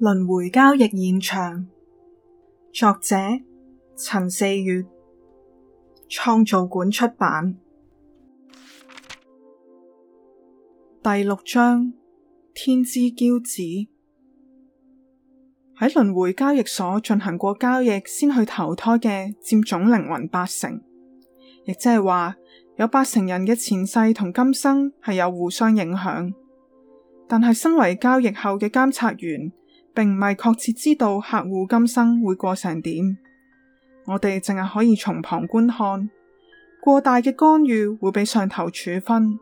輪迴交易現場，作者陳四月，創造館出版。第六章，天之驕子。喺輪迴交易所進行過交易，先去投胎嘅佔總靈魂八成，亦即係話有八成人嘅前世同今生係有互相影響。但係身為交易後嘅監察員。並唔係確切知道客戶今生會過成點，我哋淨係可以從旁觀看。過大嘅干預會被上頭處分。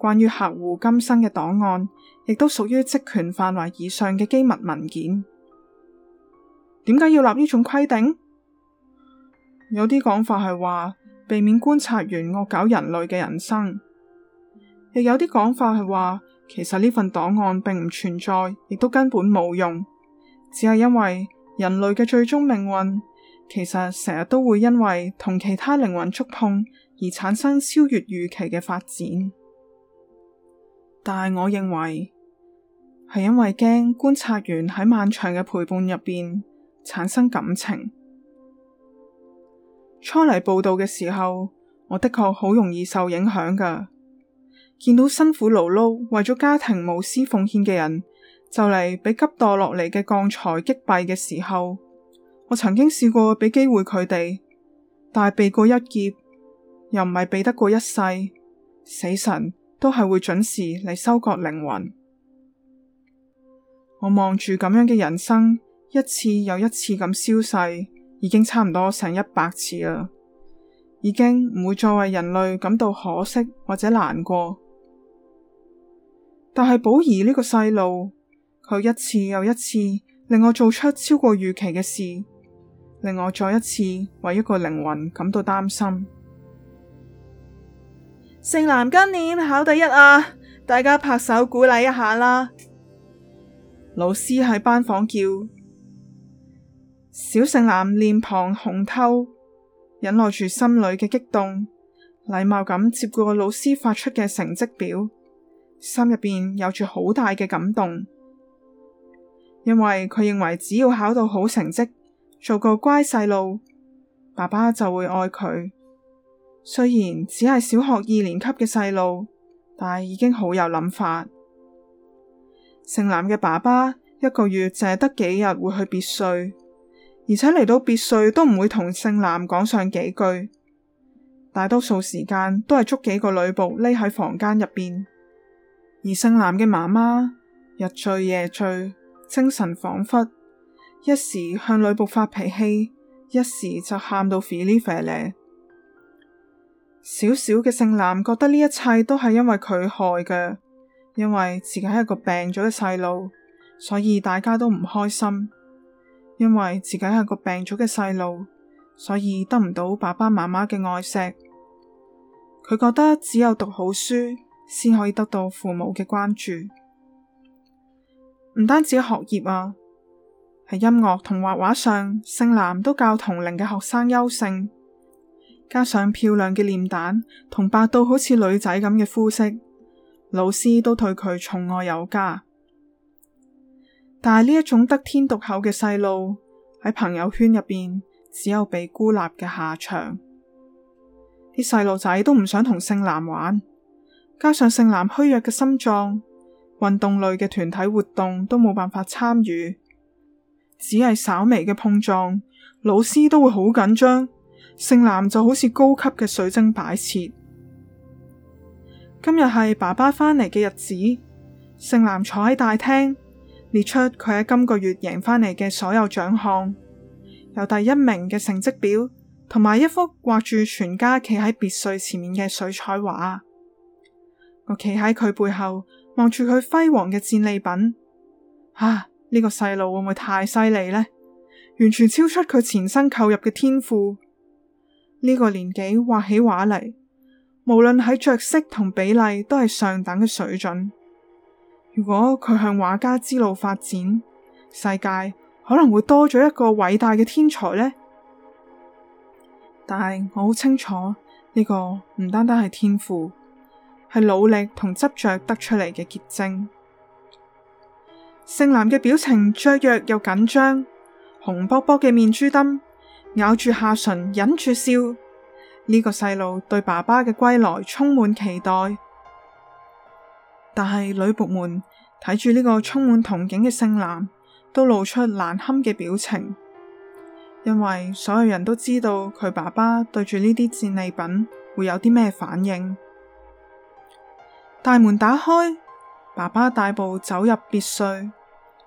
關於客戶今生嘅檔案，亦都屬於職權範圍以上嘅機密文件。點解要立呢種規定？有啲講法係話避免觀察員惡搞人類嘅人生，亦有啲講法係話。其實呢份檔案並唔存在，亦都根本冇用，只係因為人類嘅最終命運，其實成日都會因為同其他靈魂觸碰而產生超越預期嘅發展。但係我認為係因為驚觀察員喺漫長嘅陪伴入邊產生感情。初嚟報道嘅時候，我的確好容易受影響㗎。見到辛苦勞碌為咗家庭無私奉獻嘅人，就嚟俾急墮落嚟嘅鋼材擊斃嘅時候，我曾經試過俾機會佢哋，但係避過一劫，又唔係避得過一世，死神都係會準時嚟收割靈魂。我望住咁樣嘅人生，一次又一次咁消逝，已經差唔多成一百次啦，已經唔會再為人類感到可惜或者難過。但係寶兒呢個細路，佢一次又一次令我做出超過預期嘅事，令我再一次為一個靈魂感到擔心。聖南今年考第一啊，大家拍手鼓勵一下啦！老師喺班房叫，小聖南臉龐紅透，忍耐住心裏嘅激動，禮貌咁接過老師發出嘅成績表。心入邊有住好大嘅感動，因為佢認為只要考到好成績，做個乖細路，爸爸就會愛佢。雖然只係小學二年級嘅細路，但係已經好有諗法。姓藍嘅爸爸一個月淨係得幾日會去別墅，而且嚟到別墅都唔會同姓藍講上幾句，大多數時間都係捉幾個女僕匿喺房間入邊。而姓藍嘅媽媽日醉夜醉，精神恍惚，一時向女僕發脾氣，一時就喊到 Philip Philip。小小嘅姓藍覺得呢一切都係因為佢害嘅，因為自己係個病咗嘅細路，所以大家都唔開心；因為自己係個病咗嘅細路，所以得唔到爸爸媽媽嘅愛錫。佢覺得只有讀好書，先可以得到父母嘅關注，唔單止學業啊，喺音樂同畫畫上，勝男都較同齡嘅學生優勝。加上漂亮嘅臉蛋同白到好似女仔咁嘅膚色，老師都對佢寵愛有加。但係呢一種得天獨厚嘅細路喺朋友圈入邊，只有被孤立嘅下場。啲細路仔都唔想同勝男玩。加上盛楠虛弱嘅心臟，運動類嘅團體活動都冇辦法參與，只係稍微嘅碰撞，老師都會好緊張。盛楠就好似高級嘅水晶擺設。今日係爸爸返嚟嘅日子，盛楠坐喺大廳，列出佢喺今個月贏返嚟嘅所有獎項，有第一名嘅成績表，同埋一幅畫住全家企喺別墅前面嘅水彩畫。我企喺佢背後望住佢輝煌嘅戰利品，啊！呢個細路會唔會太犀利呢？完全超出佢前身購入嘅天賦。呢個年紀畫起畫嚟，無論喺着色同比例都係上等嘅水準。如果佢向畫家之路發展，世界可能會多咗一個偉大嘅天才呢。但係我好清楚呢個唔單單係天賦。係努力同執着得出嚟嘅結晶。勝男嘅表情雀躍又緊張，紅卜卜嘅面珠燈，咬住下唇忍住笑。呢、這個細路對爸爸嘅歸來充滿期待，但係女僕們睇住呢個充滿憧憬嘅勝男，都露出難堪嘅表情，因為所有人都知道佢爸爸對住呢啲戰利品會有啲咩反應。大門打開，爸爸大步走入別墅，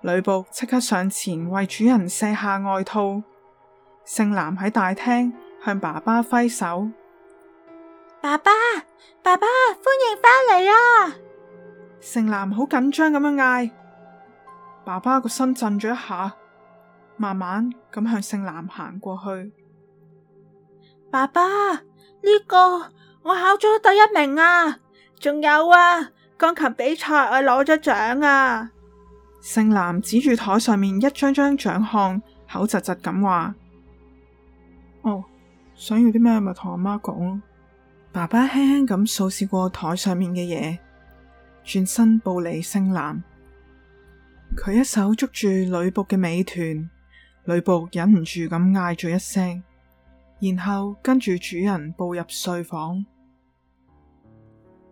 女僕即刻上前為主人卸下外套。聖南喺大廳向爸爸揮手，爸爸，爸爸，歡迎返嚟啊！聖南好緊張咁樣嗌，爸爸個身震咗一下，慢慢咁向聖南行過去。爸爸，呢、這個我考咗第一名啊！仲有啊！鋼琴比賽我攞咗獎啊！獎啊，姓藍指住台上面一張張獎項，口窒窒咁話：，哦，想要啲咩咪同阿媽講咯。媽媽爸爸輕輕咁掃視過台上面嘅嘢，轉身步離姓藍。佢一手捉住女僕嘅尾段，女僕忍唔住咁嗌咗一聲，然後跟住主人步入睡房。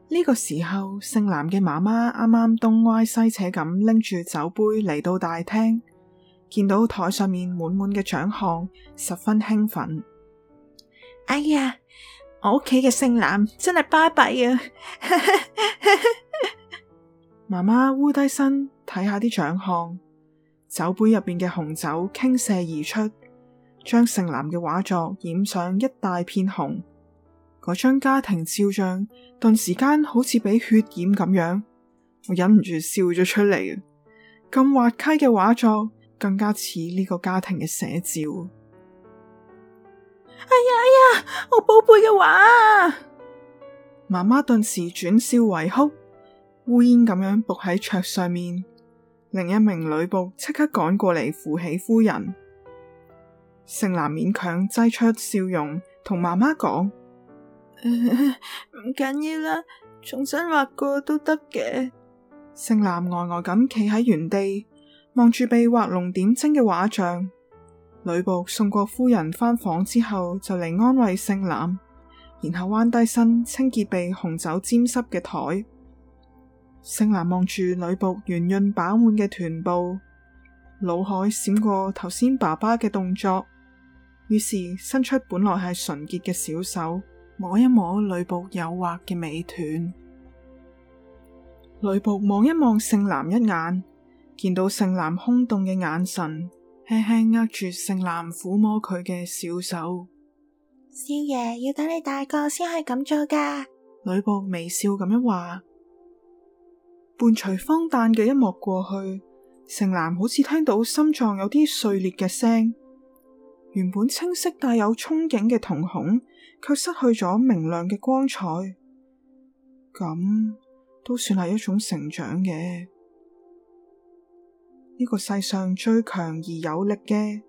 呢個時候，姓藍嘅媽媽啱啱東歪西扯咁拎住酒杯嚟到大廳，見到台上面滿滿嘅獎項，十分興奮。哎呀，我屋企嘅姓藍真係巴閉啊！ 媽媽屈低身睇下啲獎項，酒杯入邊嘅紅酒傾瀉而出，將姓藍嘅畫作染上一大片紅。我嗰張家庭肖像，頓時間好似俾血染咁樣，我忍唔住笑咗出嚟。咁滑稽嘅畫作，更加似呢個家庭嘅寫照。哎呀哎呀，我寶貝嘅畫啊！媽媽頓時轉笑為哭，烏煙咁樣伏喺桌上面。另一名女僕即刻趕過嚟扶起夫人，成男勉強擠出笑容，同媽媽講。唔緊要啦，重新畫過都得嘅。姓藍呆呆咁企喺原地，望住被畫龍點睛嘅畫像。呂布送過夫人返房之後，就嚟安慰姓藍，然後彎低身清潔被紅酒沾濕嘅台。姓藍望住呂布圓潤飽滿嘅臀部，腦海閃過頭先爸爸嘅動作，於是伸出本來係純潔嘅小手。摸一摸呂布誘惑嘅尾段，呂布望一望盛男一眼，見到盛男空洞嘅眼神，輕輕握住盛男撫摸佢嘅小手。少爺要等你大個先可以咁做噶。呂布微笑咁樣話，伴隨荒誕嘅一幕過去，盛男好似聽到心臟有啲碎裂嘅聲。原本清晰帶有憧憬嘅瞳孔，卻失去咗明亮嘅光彩。咁都算係一種成長嘅。呢個世上最強而有力嘅，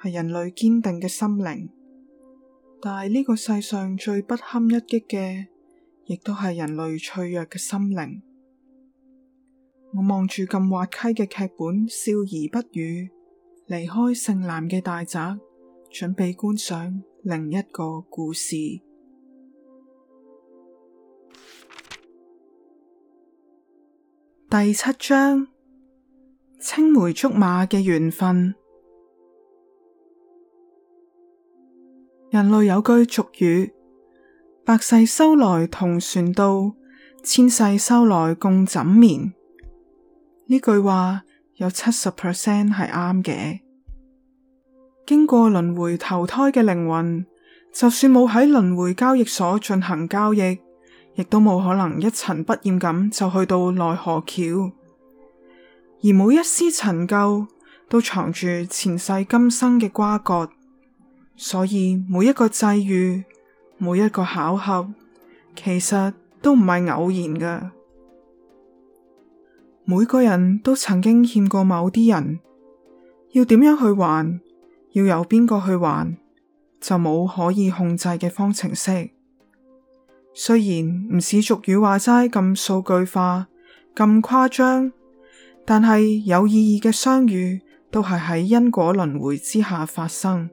係人類堅定嘅心靈；但係呢個世上最不堪一擊嘅，亦都係人類脆弱嘅心靈。我望住咁滑稽嘅劇本，笑而不語，離開姓藍嘅大宅。準備觀賞另一個故事。第七章，青梅竹馬嘅緣分。人類有句俗語：百世修來同船渡，千世修來共枕眠。呢句話有七十 percent 係啱嘅。經過輪迴投胎嘅靈魂，就算冇喺輪迴交易所進行交易，亦都冇可能一塵不染咁就去到奈何橋。而每一絲塵垢都藏住前世今生嘅瓜葛，所以每一個際遇、每一個巧合，其實都唔係偶然㗎。每個人都曾經欠過某啲人，要點樣去還？要由邊個去還，就冇可以控制嘅方程式。雖然唔似俗語話齋咁數據化咁誇張，但係有意義嘅相遇都係喺因果輪迴之下發生。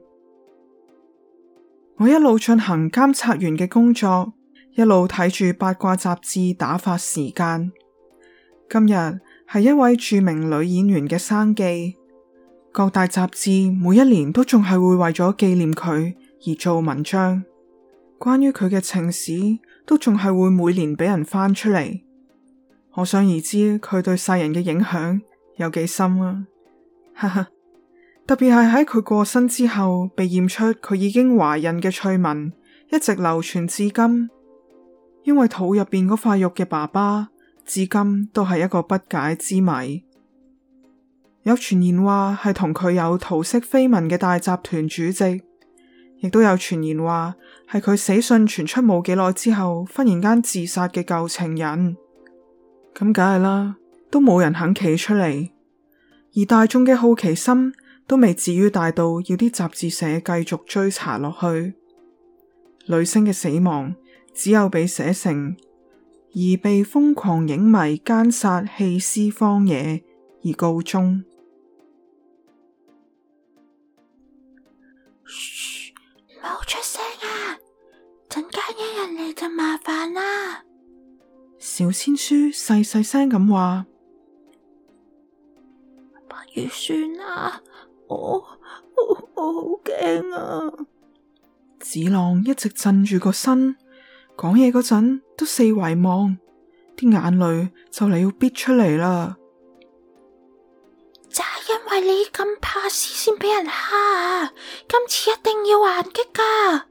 我一路進行監察員嘅工作，一路睇住八卦雜誌打發時間。今日係一位著名女演員嘅生記。各大雜誌每一年都仲係會為咗紀念佢而做文章，關於佢嘅情史都仲係會每年俾人翻出嚟。可想而知佢對世人嘅影響有幾深啊！哈哈，特別係喺佢過身之後，被驗出佢已經懷孕嘅趣聞一直流傳至今，因為肚入邊嗰塊肉嘅爸爸至今都係一個不解之謎。有傳言話係同佢有桃色緋聞嘅大集團主席，亦都有傳言話係佢死訊傳出冇幾耐之後，忽然間自殺嘅舊情人。咁梗係啦，都冇人肯企出嚟，而大眾嘅好奇心都未至於大到要啲雜誌社繼續追查落去。女星嘅死亡只有被寫成而被瘋狂影迷姦殺棄屍荒野而告終。一日嚟,就麻煩啦。小仙書細細聲咁話，不如算啦，我、我，我好驚啊！子浪一直震住個身，講嘢嗰陣都四圍望，啲眼淚就嚟要逼出嚟啦。就係因為你咁怕事，先俾人蝦啊！今次一定要還擊噶。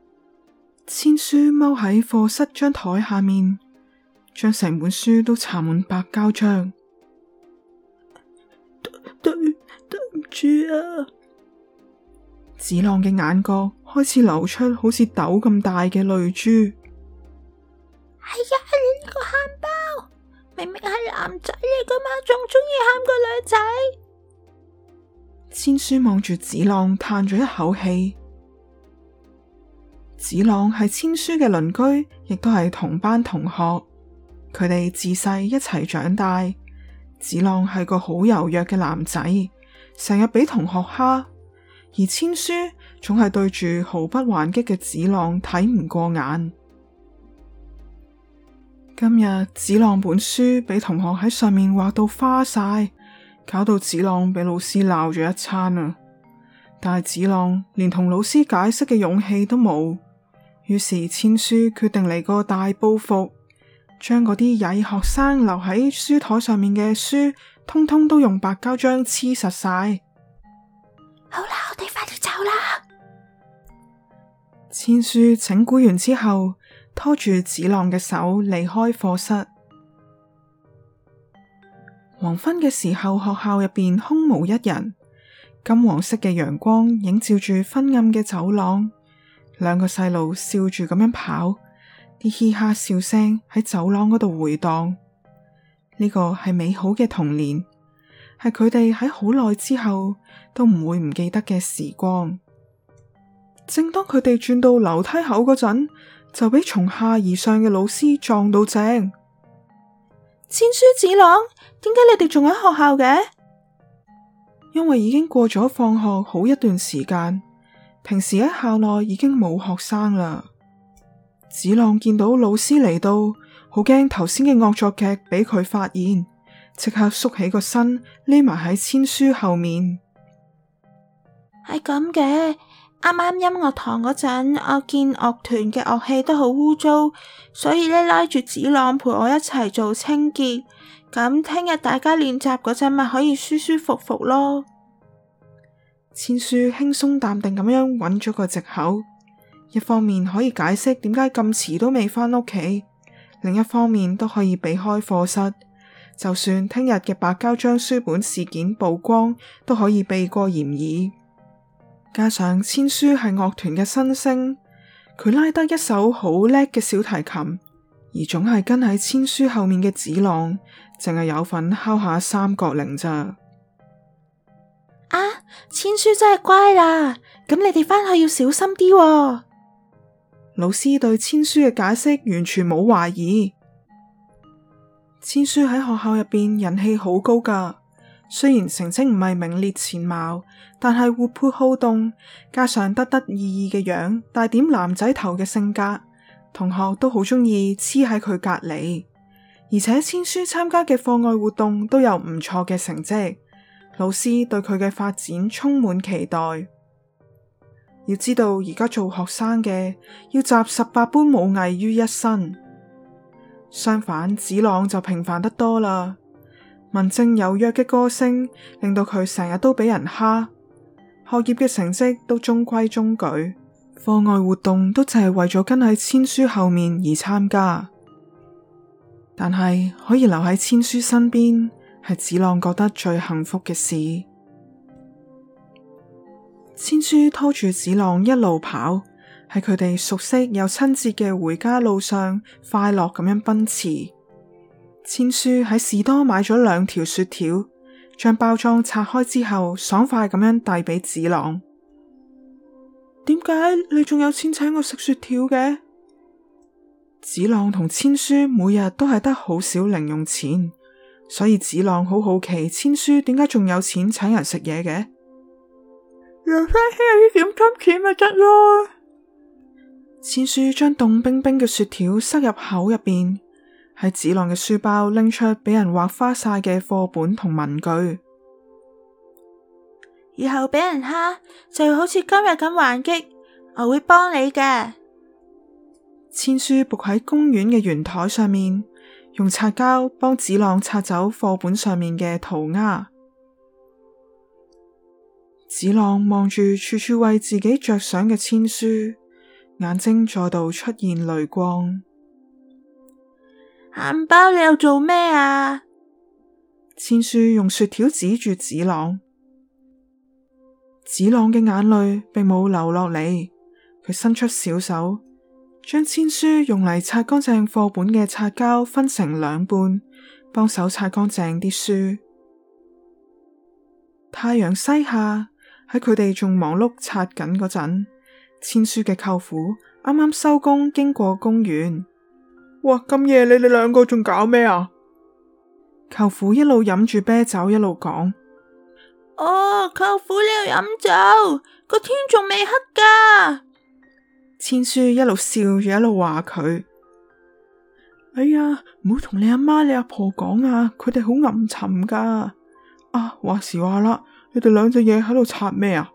千書踎喺課室張台下面，將成本書都搽滿白膠漿。對，對唔住啊！子浪嘅眼角開始流出好似豆咁大嘅淚珠。哎呀，你呢個喊包，明明係男仔嚟噶嘛，仲中意喊個女仔？千書望住子浪，嘆咗一口氣。子浪係千書嘅鄰居，亦都係同班同學。佢哋自細一齊長大。子浪係個好柔弱嘅男仔，成日俾同學蝦，而千書總係對住毫不還擊嘅子浪睇唔過眼。今日子浪本書俾同學喺上面畫到花晒，搞到子浪俾老師鬧咗一餐啊！但係子浪連同老師解釋嘅勇氣都冇。於是千書決定嚟個大報復，將嗰啲曳學生留喺書台上面嘅書，通通都用白膠漿黐實晒。好啦，我哋快啲走啦！千書整蠱完之後，拖住子浪嘅手離開課室。黃昏嘅時候，學校入邊空無一人，金黃色嘅陽光映照住昏暗嘅走廊。兩個細路笑住咁樣跑，啲嘻哈笑聲喺走廊嗰度回蕩。呢個係美好嘅童年，係佢哋喺好耐之後都唔會唔記得嘅時光。正當佢哋轉到樓梯口嗰陣，就俾從下而上嘅老師撞到正。千書，子朗，點解你哋仲喺學校嘅？因為已經過咗放學好一段時間。平時喺校內已經冇學生啦。子朗見到老師嚟到，好驚頭先嘅惡作劇俾佢發現，即刻縮起個身，匿埋喺千書後面。係咁嘅，啱啱音樂堂嗰陣，我見樂團嘅樂器都好污糟，所以呢，拉住子朗陪我一齊做清潔。咁聽日大家練習嗰陣，咪可以舒舒服服咯。千書輕鬆淡定咁樣揾咗個藉口，一方面可以解釋點解咁遲都未返屋企，另一方面都可以避開課室，就算聽日嘅白膠將書本事件曝光，都可以避過嫌疑。加上千書係樂團嘅新星，佢拉得一手好叻嘅小提琴，而總係跟喺千書後面嘅子浪，淨係有份敲下三角鈴咋。啊，千書真係乖啦！咁你哋翻去要小心啲喎。老師對千書嘅解釋完全冇懷疑。千書喺學校入邊人氣好高噶，雖然成績唔係名列前茅，但係活潑好動，加上得得意意嘅樣，帶點男仔頭嘅性格，同學都好中意黐喺佢隔籬。而且千書參加嘅課外活動都有唔錯嘅成績。老師對佢嘅發展充滿期待。要知道而家做學生嘅要集十八般武藝於一身，相反子朗就平凡得多啦。文靜柔弱嘅歌聲令到佢成日都俾人蝦，學業嘅成績都中規中矩，課外活動都淨係為咗跟喺千書後面而參加。但係可以留喺千書身邊，係子朗覺得最幸福嘅事。千書拖住子朗一路跑，喺佢哋熟悉又親切嘅回家路上，快樂咁樣奔馳。千書喺士多買咗兩條雪條，將包裝拆開之後，爽快咁樣遞俾子朗。點解你仲有錢請我食雪條嘅？子朗同千書每日都係得好少零用錢。所以子浪好好奇千書點解仲有錢請人食嘢嘅？有翻起呢點金錢咪得咯。千書將凍冰冰嘅雪條塞入口入邊，喺子浪嘅書包拎出俾人畫花晒嘅課本同文具，以後俾人蝦，就好似今日咁還擊，我會幫你嘅。千書伏喺公園嘅圓台上面。用擦膠幫子朗擦走課本上面嘅塗鴉，子朗望住處處為自己着想嘅千書，眼睛再度出現淚光。喊包你又做咩啊？千書用雪條指住子朗，子朗嘅眼淚並冇流落嚟，佢伸出小手。將千書用嚟擦乾淨課本嘅擦膠分成兩半，幫手擦乾淨啲書。太陽西下，喺佢哋仲忙碌擦緊嗰陣，千書嘅舅父啱啱收工經過公園。哇！咁夜你哋兩個仲搞咩啊？舅父一路飲住啤酒一路講。哦，舅父你又飲酒，個天仲未黑㗎。千書一路笑住，一路話佢：哎呀，唔好同你阿媽，媽、你阿婆講啊，佢哋好暗沉噶。啊，話時話啦，你哋兩隻嘢喺度拆咩啊？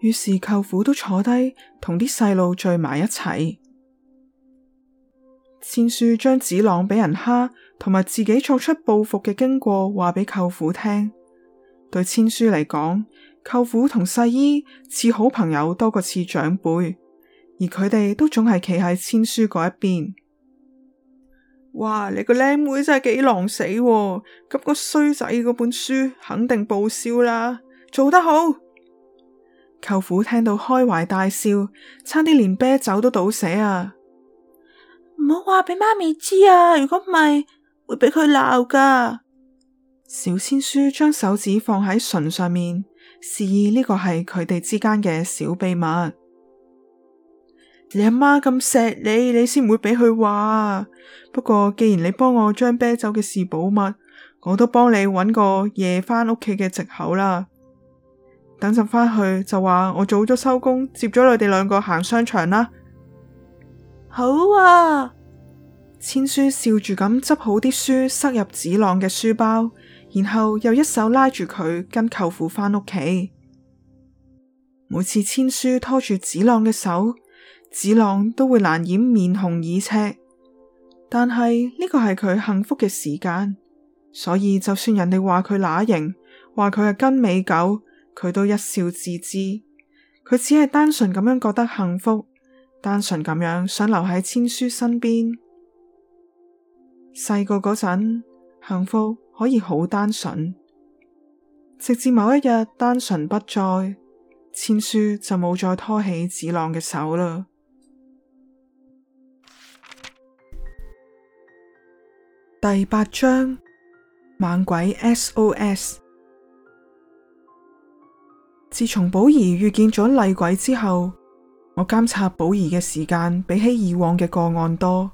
於是舅父都坐低，同啲細路聚埋一齊。千書將子朗俾人蝦，同埋自己作出報復嘅經過，話俾舅父聽。對千書嚟講。舅父同細姨似好朋友多過似長輩，而佢哋都總係企喺千書嗰一邊。哇！你個靚妹真係幾狼死，咁個衰仔嗰本書肯定報銷啦！做得好，舅父聽到開懷大笑，差啲連啤酒都倒瀉啊！唔好話俾媽咪知啊，如果唔係會俾佢鬧噶。小千書將手指放喺唇上面。示意呢個係佢哋之間嘅小秘密。你阿媽咁錫你，你先唔會俾佢話。不過既然你幫我將啤酒嘅事保密，我都幫你揾個夜返屋企嘅借口啦。等陣返去就話我早咗收工，接咗你哋兩個行商場啦。好啊，千書笑住咁執好啲書，塞入子朗嘅書包。然後又一手拉住佢跟舅父返屋企，每次千書拖住子浪嘅手，子浪都會難掩面紅耳赤。但係呢個係佢幸福嘅時間，所以就算人哋話佢乸型，話佢係跟尾狗，佢都一笑置之。佢只係單純咁樣覺得幸福，單純咁樣想留喺千書身邊。細個嗰陣幸福。可以好單純，直至某一日單純不再，千書就冇再拖起子浪嘅手啦。第八章猛鬼 SOS。自從寶儀遇見咗厲鬼之後，我監察寶儀嘅時間比起以往嘅個案多。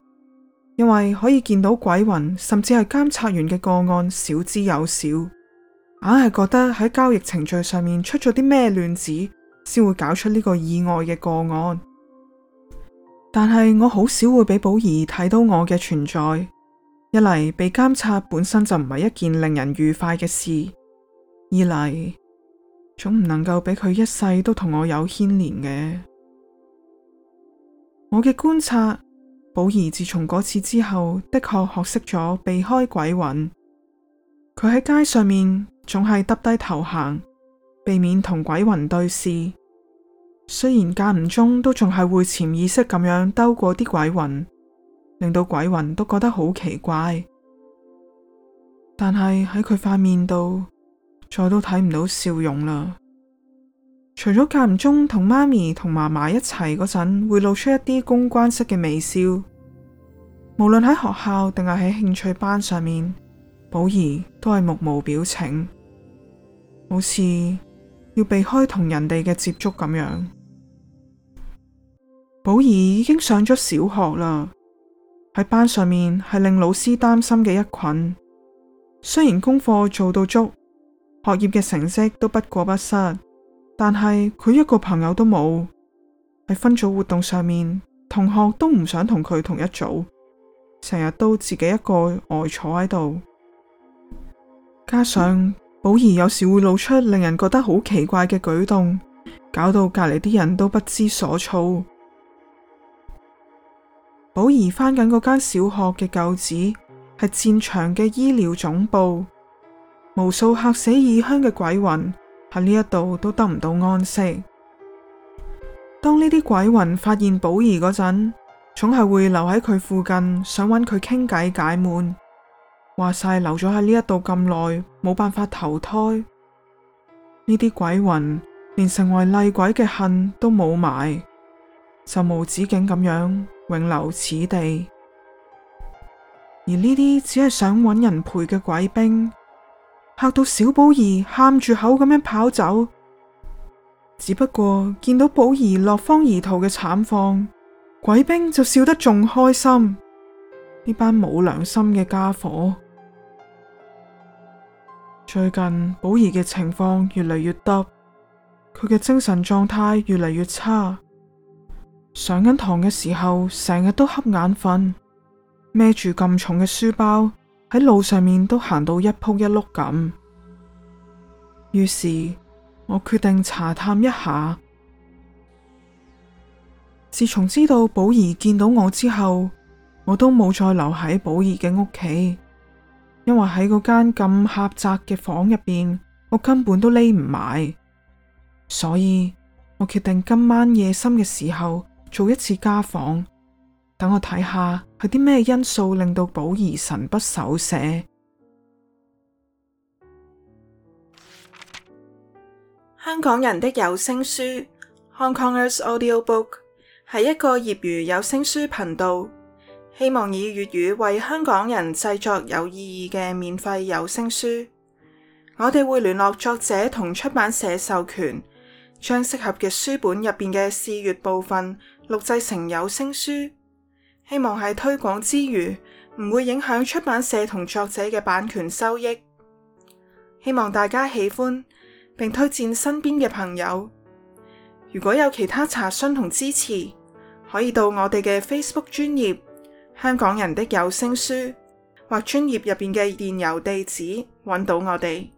因為可以見到鬼魂，甚至係監察員嘅個案少之又少，硬係覺得喺交易程序上面出咗啲咩亂子，先會搞出呢個意外嘅個案。但係我好少會俾寶儀睇到我嘅存在，一嚟被監察本身就唔係一件令人愉快嘅事，二嚟總唔能夠俾佢一世都同我有牽連嘅。我嘅觀察。寶兒自從嗰次之後，的確學識咗避開鬼魂。佢喺街上面總係耷低頭行，避免同鬼魂對視。雖然間唔中都仲係會潛意識咁樣兜過啲鬼魂，令到鬼魂都覺得好奇怪。但係喺佢塊面度，再都睇唔到笑容啦。除咗間唔中同媽咪同嫲嫲一齊嗰陣，會露出一啲公關式嘅微笑。無論喺學校定係喺興趣班上面，寶兒都係目無表情，好似要避開同人哋嘅接觸咁樣。寶兒已經上咗小學啦，喺班上面係令老師擔心嘅一群。雖然功課做到足，學業嘅成績都不過不失。但係佢一個朋友都冇，喺分組活動上面，同學都唔想同佢同一組，成日都自己一個呆坐喺度。加上寶儀、嗯、有時會露出令人覺得好奇怪嘅舉動，搞到隔籬啲人都不知所措。寶儀翻緊嗰間小學嘅舊址，係戰場嘅醫療總部，無數客死異鄉嘅鬼魂，喺呢一度都得唔到安息。當呢啲鬼魂發現寶儀嗰陣，總係會留喺佢附近，想揾佢傾偈解悶。話晒留咗喺呢一度咁耐，冇辦法投胎。呢啲鬼魂連成為厲鬼嘅恨都冇埋，就無止境咁樣永留此地。而呢啲只係想揾人陪嘅鬼兵。嚇到小寶兒喊住口咁樣跑走，只不過見到寶兒落荒而逃嘅慘況，鬼兵就笑得仲開心。呢班冇良心嘅家伙，最近寶兒嘅情況越嚟越耷，佢嘅精神狀態越嚟越差，上緊堂嘅時候成日都瞌眼瞓，孭住咁重嘅書包，喺路上面都行到一鋪一碌咁，於是我決定查探一下。自從知道寶儀見到我之後，我都冇再留喺寶儀嘅屋企，因為喺嗰間咁狹窄嘅房入邊，我根本都匿唔埋，所以我決定今晚夜深嘅時候做一次家訪，等我睇下。係啲咩因素令到寶儀神不守舍？香港人的有聲書《Hong Kongers Audio Book》係一個業餘有聲書頻道，希望以粵語為香港人製作有意義嘅免費有聲書。我哋會聯絡作者同出版社授權，將適合嘅書本入邊嘅試閱部分錄製成有聲書。希望喺推廣之餘，唔會影響出版社同作者嘅版權收益。希望大家喜歡，並推薦身邊嘅朋友。如果有其他查詢同支持，可以到我哋嘅 Facebook 專頁《香港人的有聲書》或專頁入邊嘅電郵地址揾到我哋。